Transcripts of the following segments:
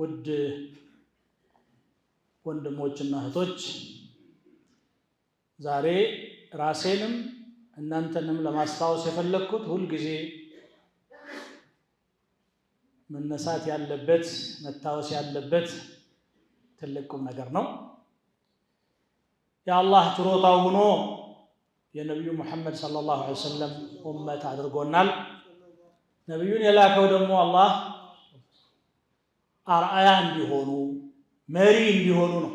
ውድ ወንድሞችና እህቶች ዛሬ ራሴንም እናንተንም ለማስታወስ የፈለግኩት ሁልጊዜ መነሳት ያለበት መታወስ ያለበት ትልቅ ቁም ነገር ነው። የአላህ ችሮታው ሆኖ የነቢዩ ሙሐመድ ሰለላሁ ዐለይሂ ወሰለም ኡመት አድርጎናል። ነቢዩን የላከው ደግሞ አላህ አርአያ እንዲሆኑ መሪ እንዲሆኑ ነው።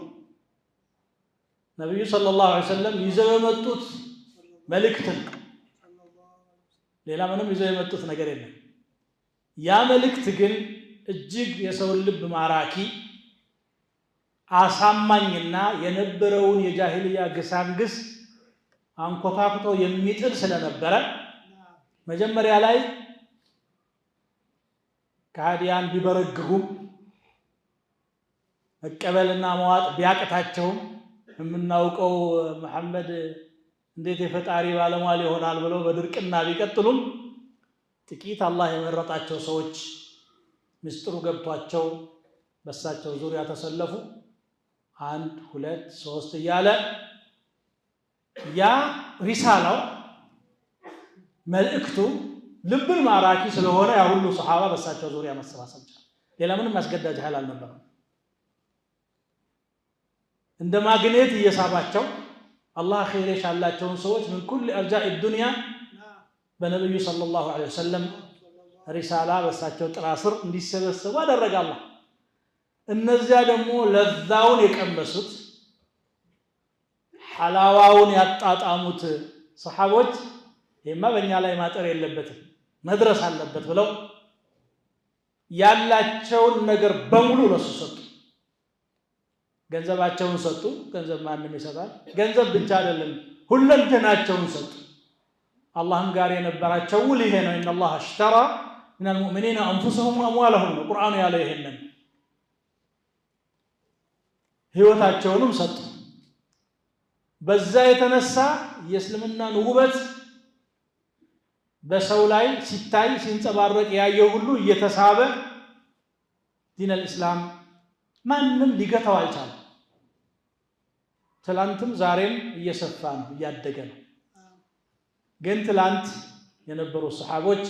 ነቢዩ ሰለላሁ ዐለይሂ ወሰለም ይዘው የመጡት መልእክትን ሌላ ምንም ይዘው የመጡት ነገር የለም። ያ መልእክት ግን እጅግ የሰውን ልብ ማራኪ አሳማኝና የነበረውን የጃሂልያ ግሳንግስ አንኮታኩቶ የሚጥል ስለነበረ መጀመሪያ ላይ ከሃዲያን ቢበረግጉም መቀበልና መዋጥ ቢያቅታቸውም የምናውቀው መሐመድ እንዴት የፈጣሪ ባለሟል ይሆናል ብለው በድርቅና ቢቀጥሉም ጥቂት አላህ የመረጣቸው ሰዎች ምስጢሩ ገብቷቸው በሳቸው ዙሪያ ተሰለፉ። አንድ ሁለት ሶስት እያለ ያ ሪሳላው መልእክቱ ልብን ማራኪ ስለሆነ ያ ሁሉ ሰሓባ በሳቸው ዙሪያ መሰባሰብ ቻለ። ሌላ ምንም አስገዳጅ ኃይል አልነበረም። እንደ ማግኔት እየሳባቸው አላህ ኸይር ያላቸውን ሰዎች ምን ኩል አርጃኢ ዱንያ በነብዩ ሰለላሁ ዐለይሂ ወሰለም ሪሳላ በሳቸው ጥላ ስር እንዲሰበሰቡ አደረገ አላህ። እነዚያ ደግሞ ለዛውን የቀመሱት ሐላዋውን ያጣጣሙት ሰሓቦች ይህማ በእኛ ላይ ማጠር የለበትም መድረስ አለበት ብለው ያላቸውን ነገር በሙሉ ለሱ ሰጡ። ገንዘባቸውን ሰጡ። ገንዘብ ማንም ይሰጣል። ገንዘብ ብቻ አይደለም፣ ሁለንተናቸውን ሰጡ። አላህም ጋር የነበራቸው ውል ይሄ ነው። ኢነላህ አሽተራ ሚነል ሙእሚኒና አንፉሰሁም አምዋለሁም ነው ቁርአኑ ያለው። ይሄንን ህይወታቸውንም ሰጡ። በዛ የተነሳ የእስልምናን ውበት በሰው ላይ ሲታይ ሲንጸባረቅ ያየው ሁሉ እየተሳበ ዲነል እስላም ማንም ሊገታው አልቻለም። ትላንትም ዛሬም እየሰፋ ነው፣ እያደገ ነው። ግን ትላንት የነበሩ ሰሓቦች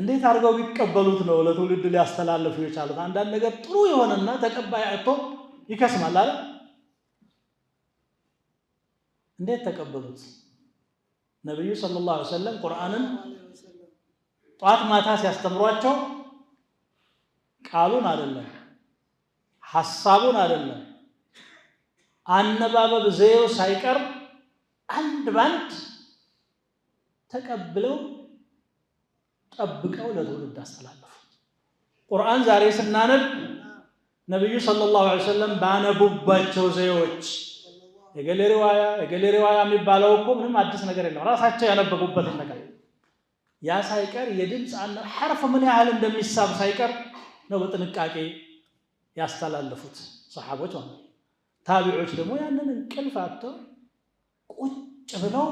እንዴት አድርገው ቢቀበሉት ነው ለትውልድ ሊያስተላለፉ የቻሉት? አንዳንድ ነገር ጥሩ የሆነና ተቀባይ አቶ ይከስማል አለ። እንዴት ተቀበሉት? ነቢዩ ሰለላሁ ዐለይሂ ወሰለም ቁርአንን ጧት ማታ ሲያስተምሯቸው ቃሉን አይደለም ሐሳቡን አይደለም አነባበብ ዘዬው ሳይቀር አንድ ባንድ ተቀብለው ጠብቀው ለትውልድ አስተላለፉ። ቁርአን ዛሬ ስናነብ ነቢዩ ሰለላሁ ዐለይሂ ወሰለም ባነቡባቸው ዘዬዎች የገሌ ሪዋያ የገሌ ሪዋያ የሚባለው እኮ ምንም አዲስ ነገር የለም። ራሳቸው ያነበቡበትን ነገር ያ ሳይቀር የድምፅ አነ ሐርፍ ምን ያህል እንደሚሳብ ሳይቀር ነው በጥንቃቄ ያስተላለፉት ሰሓቦች ማለት ነው። ታቢዖች ደግሞ ያንን እንቅልፍ አጥተው ቁጭ ብለው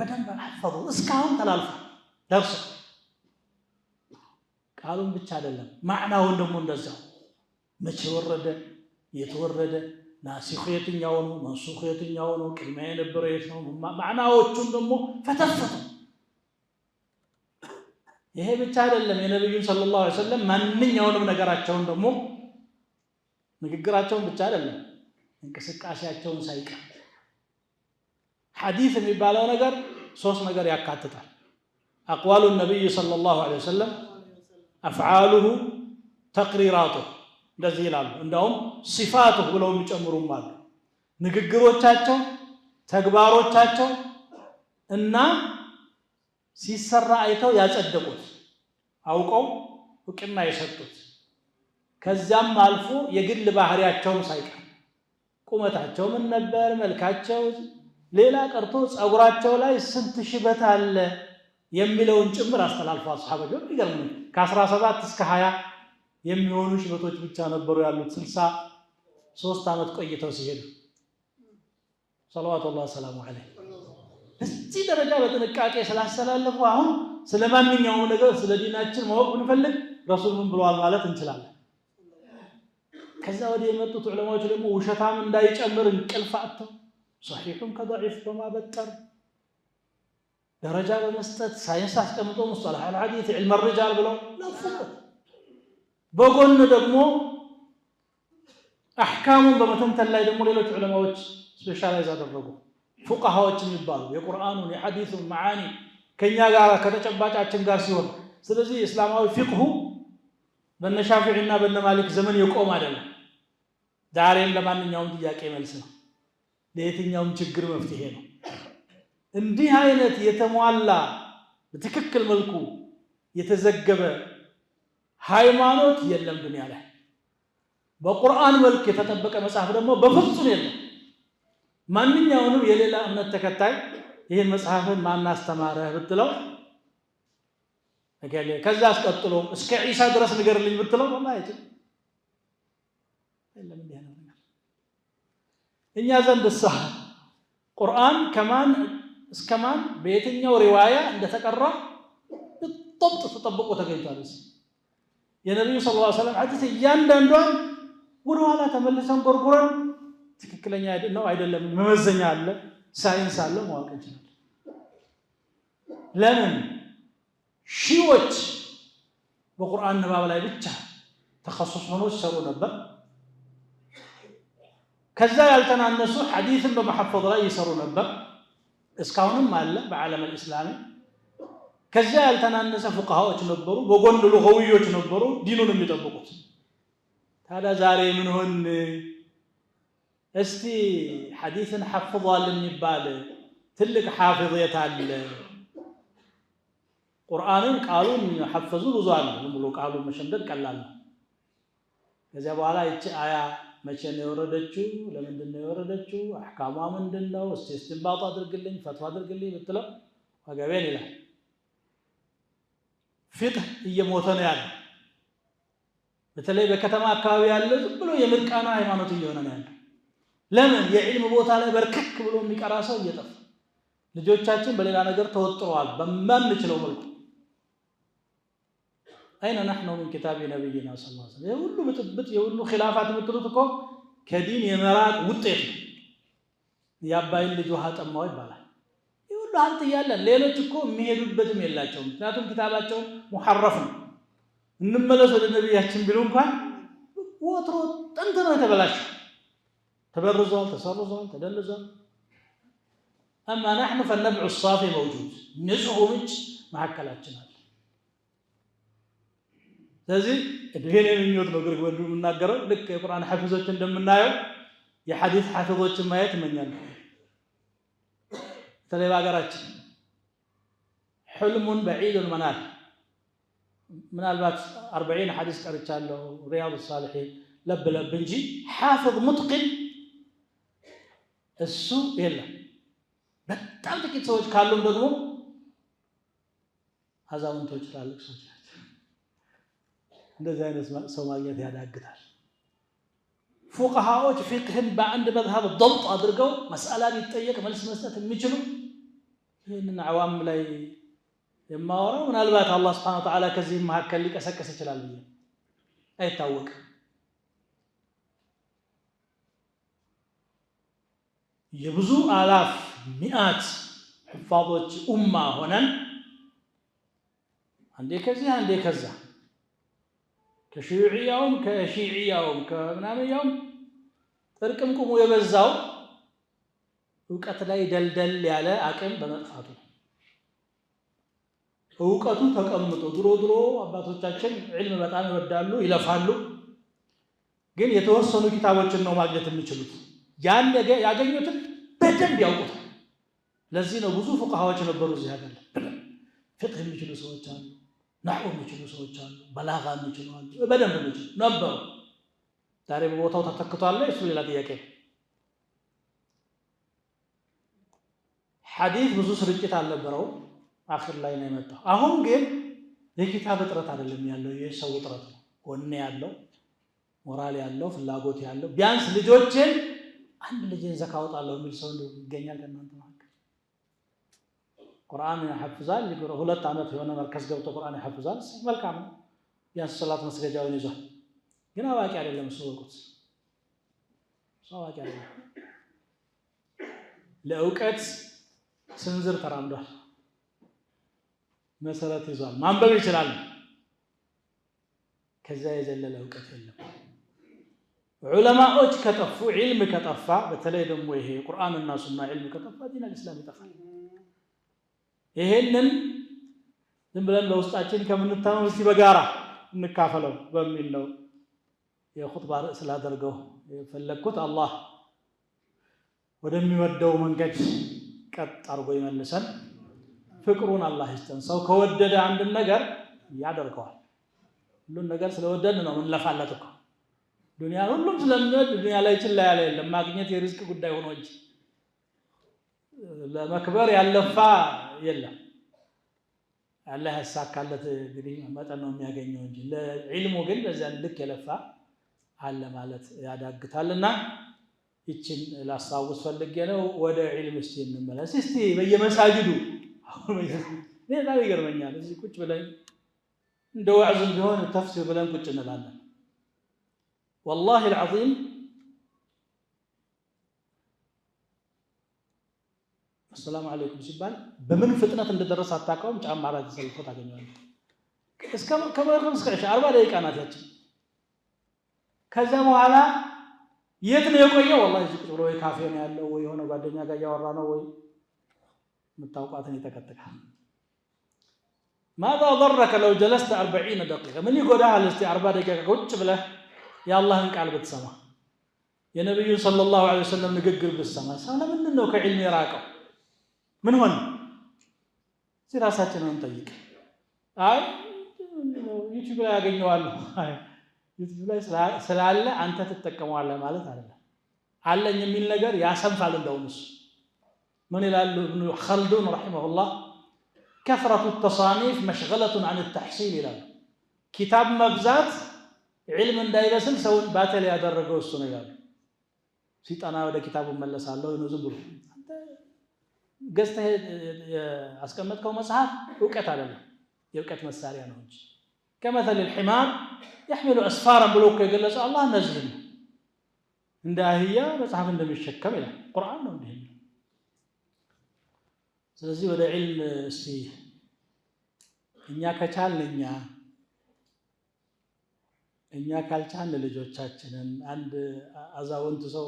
በደንብ አልፈሩ እስካሁን ተላልፋ ደርሶ ቃሉን ብቻ አይደለም ማዕናውን ደግሞ እንደዛው መቼ ወረደ የተወረደ ናሲኹ የትኛው ነው መንሱኹ የትኛው ነው ቅድሚያ የነበረው የት ነው ማዕናዎቹን ደግሞ ፈተፈቱ ይሄ ብቻ አይደለም የነቢዩን ሰለላሁ ዐለይሂ ወሰለም ማንኛውንም ነገራቸውን ደግሞ ንግግራቸውን ብቻ አይደለም እንቅስቃሴያቸውን ሳይቀር ሐዲስ የሚባለው ነገር ሶስት ነገር ያካትታል። አቅዋሉ ነቢይ ሰለላሁ ዐለይሂ ወሰለም፣ አፍዓሉሁ፣ ተቅሪራቱ እንደዚህ ይላሉ። እንዳውም ሲፋቱ ብለው የሚጨምሩም አሉ። ንግግሮቻቸው፣ ተግባሮቻቸው እና ሲሰራ አይተው ያጸደቁት አውቀው እውቅና የሰጡት ከዚያም አልፎ የግል ባህሪያቸውን ሳይቀር ቁመታቸው ምን ነበር? መልካቸው፣ ሌላ ቀርቶ ፀጉራቸው ላይ ስንት ሽበት አለ የሚለውን ጭምር አስተላልፏል። ሰሓቦች ይገርም ከ ከ17 እስከ 20 የሚሆኑ ሽበቶች ብቻ ነበሩ ያሉት ስልሳ ሶስት ዓመት ቆይተው ሲሄዱ ሰለዋቱ ላህ ሰላሙ አለይ እዚህ ደረጃ በጥንቃቄ ስላስተላለፉ አሁን ስለ ማንኛውም ነገር ስለ ዲናችን ማወቅ ብንፈልግ ረሱል ምን ብለዋል ማለት እንችላለን። ከዛ ወዲህ የመጡት ዑለማዎች ደግሞ ውሸታም እንዳይጨምር እንቅልፍ አጥተው ሰሒሑን ከደዒፍ በማበጠር ደረጃ በመስጠት ሳይንስ አስቀምጦ ሙስጠለሕ አልሐዲት ዕልመ ሪጃል ብለው ለፉበት። በጎን ደግሞ አሕካሙን በመተንተን ላይ ደግሞ ሌሎች ዑለማዎች ስፔሻላይዝ አደረጉ። ፉቃሃዎች የሚባሉ የቁርአኑን የሐዲሱን መዓኒ ከእኛ ጋር ከተጨባጫችን ጋር ሲሆን፣ ስለዚህ እስላማዊ ፊቅሁ በነ ሻፊዒ እና በነ ማሊክ ዘመን የቆም አይደለም። ዛሬም ለማንኛውም ጥያቄ መልስ ነው። ለየትኛውም ችግር መፍትሄ ነው። እንዲህ አይነት የተሟላ በትክክል መልኩ የተዘገበ ሃይማኖት የለም ዱንያ ላይ። በቁርአን መልክ የተጠበቀ መጽሐፍ ደግሞ በፍጹም የለም። ማንኛውንም የሌላ እምነት ተከታይ ይህን መጽሐፍን ማናስተማረህ ብትለው ከዛ አስቀጥሎ እስከ ዒሳ ድረስ ንገርልኝ ብትለው የለም እንዲህ አይነት ነገር እኛ ዘንድ እሳ ቁርአን ከማን እስከማን በየትኛው ሪዋያ እንደተቀራ ብጥብጥ ተጠብቆ ተገኝቷል። እዚህ የነቢዩ ስ ላ ሰለም ሐዲስ እያንዳንዷን ወደ ኋላ ተመልሰን ጎርጉረን ትክክለኛ ነው አይደለም መመዘኛ አለ፣ ሳይንስ አለ፣ ማወቅ እንችላል። ለምን ሺዎች በቁርአን ንባብ ላይ ብቻ ተከሱስ ሆኖ ሲሰሩ ነበር። ከዛ ያልተናነሱ ሐዲስን በመሐፈዝ ላይ ይሰሩ ነበር። እስካሁንም አለ በዓለም አልእስላሚ። ከዛ ያልተናነሰ ፉቃሃዎች ነበሩ፣ በጎን ሉገውዮች ነበሩ ዲኑን የሚጠብቁት። ታዲያ ዛሬ ምን ሆን? እስቲ ሐዲስን ሐፍዟል የሚባል ትልቅ ሐፊዝ የት አለ? ቁርአንን ቃሉን ሐፈዙ ብዙ አለ። ሙሉ ቃሉ መሸምደድ ቀላል ነው። ከዚያ በኋላ ይቺ አያ መቼ ነው የወረደችው? ለምንድን ነው የወረደችው? አሕካሟ ምንድን ነው? እስቲ እስትንባጥ አድርግልኝ፣ ፈትዋ አድርግልኝ ብትለው ወገቤን ይላል። ፊቅህ እየሞተ ነው ያለ። በተለይ በከተማ አካባቢ ያለ ዝም ብሎ የምርቃና ሃይማኖት እየሆነ ነው ያለ። ለምን የዕልም ቦታ ላይ በርከክ ብሎ የሚቀራ ሰው እየጠፋ ልጆቻችን በሌላ ነገር ተወጥረዋል በማንችለው መልኩ أين نحن من كتاب نبينا صلى الله عليه وسلم؟ يقولوا بتبت يقولوا خلافات متلوتكو كدين ينرات وطير يا باين لجوهات أمه يبالا يقولوا أنت يالا ليلة تكو ميهدو بدم يلا تشوم تناتم كتاباتكو محرفن نملس للنبي يحسن بلون كان وطرو تنتنا تبلاش تبرزوا تصرزوا تدلزوا أما نحن فالنبع الصافي موجود نزعو مش مع كلاتنا ስለዚህ ይሄን የምኞት ነው ግርግ ወንዱ የምናገረው። ልክ የቁርአን ሐፊዞች እንደምናየው የሐዲስ ሐፊዞችን ማየት እመኛለሁ። በተለይ በሀገራችን ሕልሙን በዒዱል መናል ምናልባት አርበዒን ሐዲስ ቀርቻለሁ ሪያዱ ሳልሒን ለብ ለብ እንጂ ሐፍዝ ሙትቅን እሱ የለም። በጣም ጥቂት ሰዎች ካሉም ደግሞ አዛውንቶች፣ ትላልቅ ሰዎች እንደዚህ አይነት ሰው ማግኘት ያዳግታል። ፉቅሃዎች ፊቅህን በአንድ መዝሀብ ዶብጥ አድርገው መስአላ ቢጠየቅ መልስ መስጠት የሚችሉ ይህንን አዋም ላይ የማወራው ምናልባት አላህ ስብሐነ ወተዓላ ከዚህ መካከል ሊቀሰቀስ ይችላል ብዬ አይታወቅም። የብዙ አላፍ ሚአት ሕፋዞች ኡማ ሆነን አንዴ ከዚህ አንዴ ከዛ ከሽዩዕያውም ከሺዕያውም ጥርቅም ጥርቅምቁሙ የበዛው እውቀት ላይ ደልደል ያለ አቅም በመጥፋቱ ነው። እውቀቱ ተቀምጦ ድሮ ድሮ አባቶቻችን ዕልም በጣም ይወዳሉ፣ ይለፋሉ። ግን የተወሰኑ ኪታቦችን ነው ማግኘት የሚችሉት። ያን ያገኙትን በደንብ ያውቁታል። ለዚህ ነው ብዙ ፉቃሃዎች ነበሩ እዚህ ሀገር። ፍጥህ የሚችሉ ሰዎች አሉ ናሁ የሚችሉ ሰዎች አሉ፣ በላጋ የሚችሉ አሉ፣ በደንብ የሚችሉ ነበሩ። ዛሬ በቦታው ተተክቷል። እሱ ሌላ ጥያቄ። ሐዲስ ብዙ ስርጭት አልነበረው፣ አክር ላይ ነው የመጣው። አሁን ግን የኪታብ እጥረት አይደለም ያለው፣ የሰው እጥረት ነው። ወኔ ያለው ሞራል ያለው ፍላጎት ያለው ቢያንስ ልጆችን አንድ ልጅን ዘካ አወጣለሁ የሚል ሰው ይገኛል ከእናንተ قرآن يحفظان يقول هلا تعمل في ونمر كسر جوته قرآن يحفظان سمال كام يا صلاة مسجد جاوي نزه هنا واقع على اللي مسؤول قط سوا واقع على لأوقات سنزر ترامد مسألة تزال ما نبغي تلال كذا يزال لأوقات اللي علماء كتفوا علم كتفى بتلاقي دم وجهه قرآن الناس ما علم كتفى دين الإسلام تفعل ይሄንን ዝም ብለን በውስጣችን ከምንታመም እስቲ በጋራ እንካፈለው በሚል ነው የኹጥባ ርዕስ ላደርገው የፈለግኩት። አላህ ወደሚወደው መንገድ ቀጥ አድርጎ ይመልሰን። ፍቅሩን አላህ ይስጠን። ሰው ከወደደ አንድን ነገር ያደርገዋል። ሁሉን ነገር ስለወደድ ነው ምንለፋለት እኮ ዱንያ ሁሉም ስለምንወድ ዱንያ ላይ ችላ ያለ የለም። ማግኘት የሪዝቅ ጉዳይ ሆኖ እንጂ ለመክበር ያለፋ የለም። አላህ ያሳካለት እንግዲህ መጠን ነው የሚያገኘው እንጂ ለዒልሙ ግን በዚያን ልክ የለፋ አለ ማለት ያዳግታልና ይችን ላስታውስ ፈልጌ ነው። ወደ ዒልም እስቲ እንመለስ። እስቲ በየመሳጅዱ በጣም ይገርመኛል። እዚህ ቁጭ ብለን እንደ ዋዕዙ ቢሆን ተፍሲር ብለን ቁጭ እንላለን። ወላሂ አልዓዚም አሰላሙ አለይኩም ሲባል በምን ፍጥነት እንደደረሰ አታውቀውም። ጫማ ላይ ተሰልፎ ታገኘዋለህ። ከመቅረብ እስከ ዒሻ አርባ ደቂቃ ናት ያቺ። ከዛ በኋላ የት ነው የቆየው? ወላሂ እዚህ ብሎ ወይ ካፌ ነው ያለው ወይ የሆነ ጓደኛ ጋር እያወራ ነው ወይ የምታውቋትን ይጠቀጥቃል። ማዛ ደረከ ለው ጀለስተ አርበዒነ ደቂቃ ምን ይጎዳሃል? እስቲ አርባ ደቂቃ ቁጭ ብለህ የአላህን ቃል ብትሰማ የነቢዩን ሰለላሁ ዐለይሂ ወሰለም ንግግር ብትሰማ ሰው ለምንድን ነው ከዕልም የራቀው? ምን ሆነ? እስኪ ራሳችንን እንጠይቅ። አይ ዩቲዩብ ላይ ያገኘዋለሁ፣ ዩቲዩብ ላይ ስላለ አንተ ትጠቀመዋለህ ማለት አይደለም። አለኝ የሚል ነገር ያሰንፋል። እንደውምስ ምን ይላሉ እብኑ ኸልዱን ረሒመሁላህ ከፍረቱ ተሳኒፍ መሽገለቱን አን ተሕሲል ይላሉ። ኪታብ መብዛት ዕልም እንዳይበስል ሰውን ባተል ያደረገው እሱ ነው ይላሉ። ሲጠና ወደ ኪታቡ መለሳለሁ ዝም ብሎ ገዝተህ አስቀመጥከው መጽሐፍ እውቀት አይደለም፣ የእውቀት መሳሪያ ነው እንጂ ከመተል ልሕማም የሕሚሉ አስፋራን ብሎ እኮ የገለጸው አላህ ነዝል ነው። እንደ አህያ መጽሐፍ እንደሚሸከም ይላል ቁርአን ነው እንዲህ። ስለዚህ ወደ ዒልም እስቲ እኛ ከቻልን እኛ እኛ ካልቻልን ልጆቻችንን አንድ አዛውንት ሰው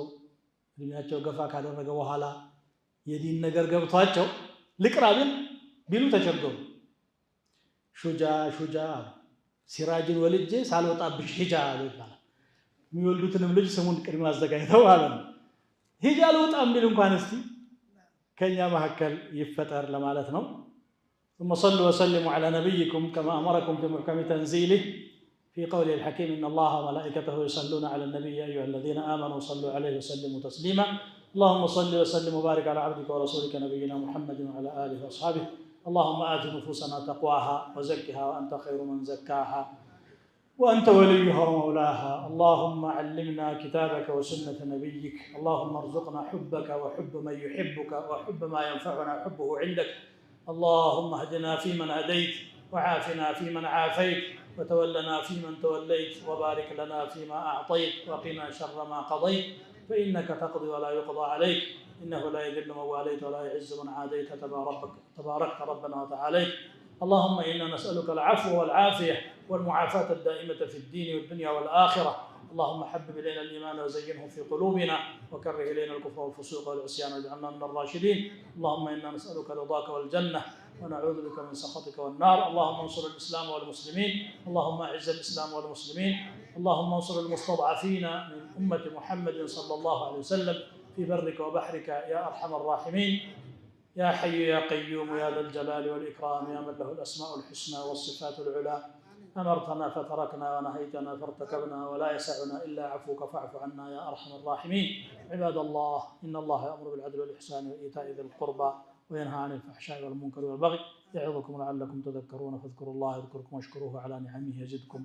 እድሜያቸው ገፋ ካደረገ በኋላ የዲን ነገር ገብቷቸው ልቅራብን ቢሉ ተቸገሩ። ሹጃ ሹጃ ሲራጅን ወልጄ ሳልወጣብሽ ሂጃ አሉ ይባላል። የሚወልዱትንም ልጅ ስሙን ቅድሚ አዘጋጅተው ማለት ነው። ሂጃ ልወጣም ቢል እንኳን እስቲ ከእኛ መካከል ይፈጠር ለማለት ነው። ثم صلوا وسلموا على نبيكم كما أمركم في محكم تنزيله في قوله الحكيم إن الله وملائكته يصلون على النبي يا أيها الذين آمنوا صلوا عليه وسلموا تسليما اللهم صل وسلم وبارك على عبدك ورسولك نبينا محمد وعلى اله واصحابه اللهم ات نفوسنا تقواها وزكها وانت خير من زكاها وانت وليها ومولاها اللهم علمنا كتابك وسنه نبيك اللهم ارزقنا حبك وحب من يحبك وحب ما ينفعنا حبه عندك اللهم اهدنا فيمن هديت وعافنا فيمن عافيت وتولنا فيمن توليت وبارك لنا فيما اعطيت وقنا شر ما قضيت فإنك تقضي ولا يقضى عليك إنه لا يذل من واليت ولا يعز من عاديت تبارك تباركت ربنا وتعاليت اللهم إنا نسألك العفو والعافية والمعافاة الدائمة في الدين والدنيا والآخرة اللهم حبب إلينا الإيمان وزينه في قلوبنا وكره إلينا الكفر والفسوق والعصيان واجعلنا من الراشدين اللهم إنا نسألك رضاك والجنة ونعوذ بك من سخطك والنار اللهم انصر الإسلام والمسلمين اللهم أعز الإسلام والمسلمين اللهم انصر المستضعفين من أمة محمد صلى الله عليه وسلم في برك وبحرك يا أرحم الراحمين يا حي يا قيوم يا ذا الجلال والإكرام يا من له الأسماء الحسنى والصفات العلى أمرتنا فتركنا ونهيتنا فارتكبنا ولا يسعنا إلا عفوك فاعف عنا يا أرحم الراحمين عباد الله إن الله يأمر بالعدل والإحسان وإيتاء ذي القربى وينهى عن الفحشاء والمنكر والبغي يعظكم لعلكم تذكرون فاذكروا الله يذكركم واشكروه على نعمه يزدكم